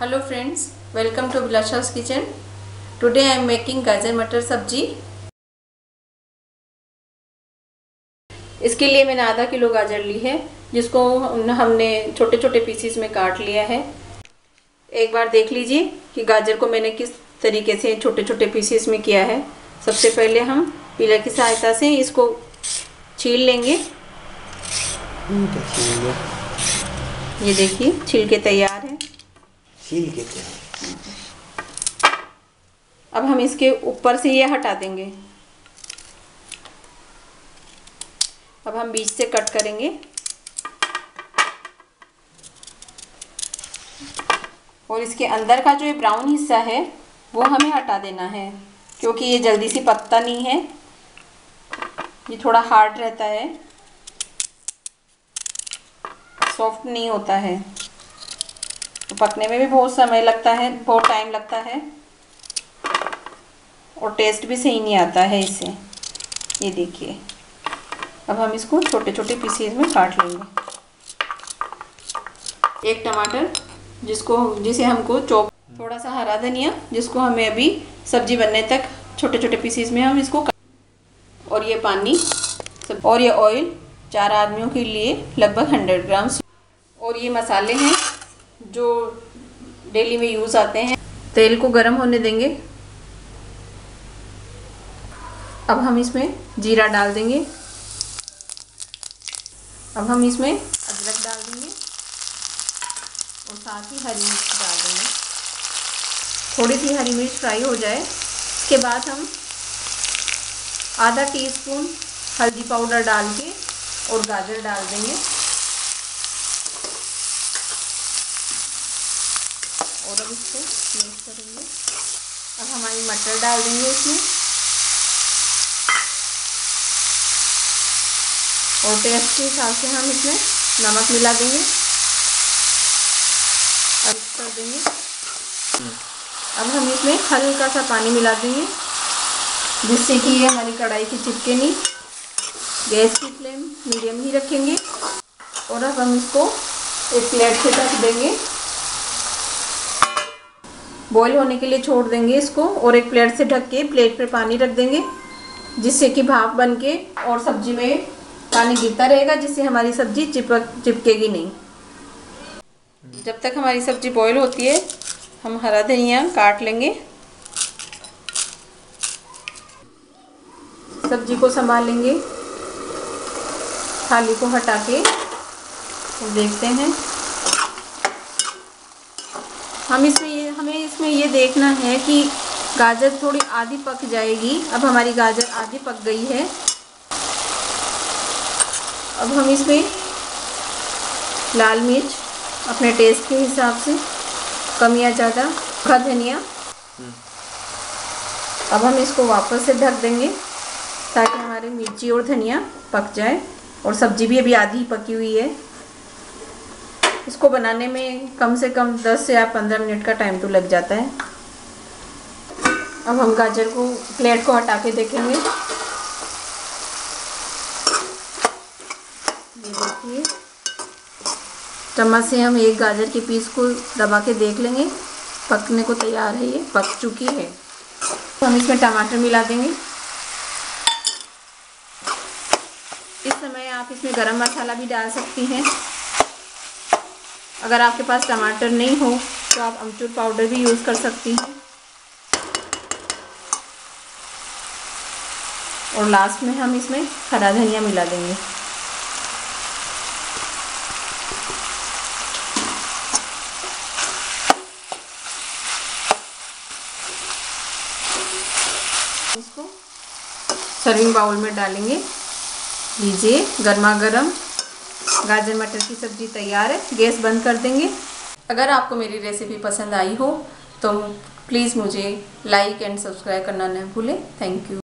hello friends welcome to bilashas kitchen today I am making gajar matar sabzi इसके लिए मैंने आधा किलो गाजर ली है जिसको हमने छोटे छोटे पीसीस में काट लिया है एक बार देख लीजिए कि गाजर को मैंने किस तरीके से छोटे छोटे पीसीस में किया है सबसे पहले हम पीला की सहायता से इसको छील लेंगे हम्म, तो ये देखिए छिलके तैयार कील कहते हैं अब हम इसके ऊपर से ये हटा देंगे अब हम बीच से कट करेंगे और इसके अंदर का जो ये ब्राउन हिस्सा है वो हमें हटा देना है क्योंकि ये जल्दी से पकता नहीं है ये थोड़ा हार्ड रहता है सॉफ्ट नहीं होता है तो पकने में भी बहुत समय लगता है बहुत टाइम लगता है और टेस्ट भी सही नहीं आता है इसे ये देखिए अब हम इसको छोटे छोटे पीसेज में काट लेंगे एक टमाटर जिसको जिसे हमको चौक थोड़ा सा हरा धनिया जिसको हमें अभी सब्जी बनने तक छोटे छोटे पीसेज में हम इसको और ये पानी सब और ये ऑयल चार आदमियों के लिए लगभग हंड्रेड ग्राम और ये मसाले हैं जो डेली में यूज़ आते हैं तेल को गर्म होने देंगे अब हम इसमें जीरा डाल देंगे अब हम इसमें अदरक डाल देंगे और साथ ही हरी मिर्च डाल देंगे थोड़ी सी हरी मिर्च फ्राई हो जाए इसके बाद हम आधा टीस्पून हल्दी पाउडर डाल के और गाजर डाल देंगे और अब इसको मिक्स करेंगे अब हमारी मटर डाल देंगे इसमें और टेस्ट के हिसाब से हम इसमें नमक मिला देंगे और कर देंगे अब हम इसमें हल्का सा पानी मिला देंगे जिससे कि ये हमारी कढ़ाई की चिपके नहीं गैस की फ्लेम मीडियम ही रखेंगे और अब हम इसको एक प्लेट से रख देंगे बॉईल होने के लिए छोड़ देंगे इसको और एक प्लेट से ढक के प्लेट पर पानी रख देंगे जिससे कि भाप बन के और सब्जी में पानी गिरता रहेगा जिससे हमारी सब्जी चिपक चिपकेगी नहीं जब तक हमारी सब्जी बॉईल होती है हम हरा धनिया काट लेंगे सब्जी को संभाल लेंगे थाली को हटा के देखते हैं हम इसमें हमें इसमें ये देखना है कि गाजर थोड़ी आधी पक जाएगी अब हमारी गाजर आधी पक गई है अब हम इसमें लाल मिर्च अपने टेस्ट के हिसाब से कम या ज़्यादा सूखा धनिया अब हम इसको वापस से ढक देंगे ताकि हमारे मिर्ची और धनिया पक जाए और सब्जी भी अभी आधी पकी हुई है इसको बनाने में कम से कम 10 से या 15 मिनट का टाइम तो लग जाता है अब हम गाजर को प्लेट को हटा के देखेंगे ये देखिए चम्मच से हम एक गाजर के पीस को दबा के देख लेंगे पकने को तैयार है ये पक चुकी है तो हम इसमें टमाटर मिला देंगे इस समय आप इसमें गरम मसाला भी डाल सकती हैं अगर आपके पास टमाटर नहीं हो तो आप अमचूर पाउडर भी यूज़ कर सकती हैं और लास्ट में हम इसमें हरा धनिया मिला देंगे इसको सर्विंग बाउल में डालेंगे लीजिए गर्मा गर्म गाजर मटर की सब्ज़ी तैयार है गैस बंद कर देंगे अगर आपको मेरी रेसिपी पसंद आई हो तो प्लीज़ मुझे लाइक एंड सब्सक्राइब करना न भूलें थैंक यू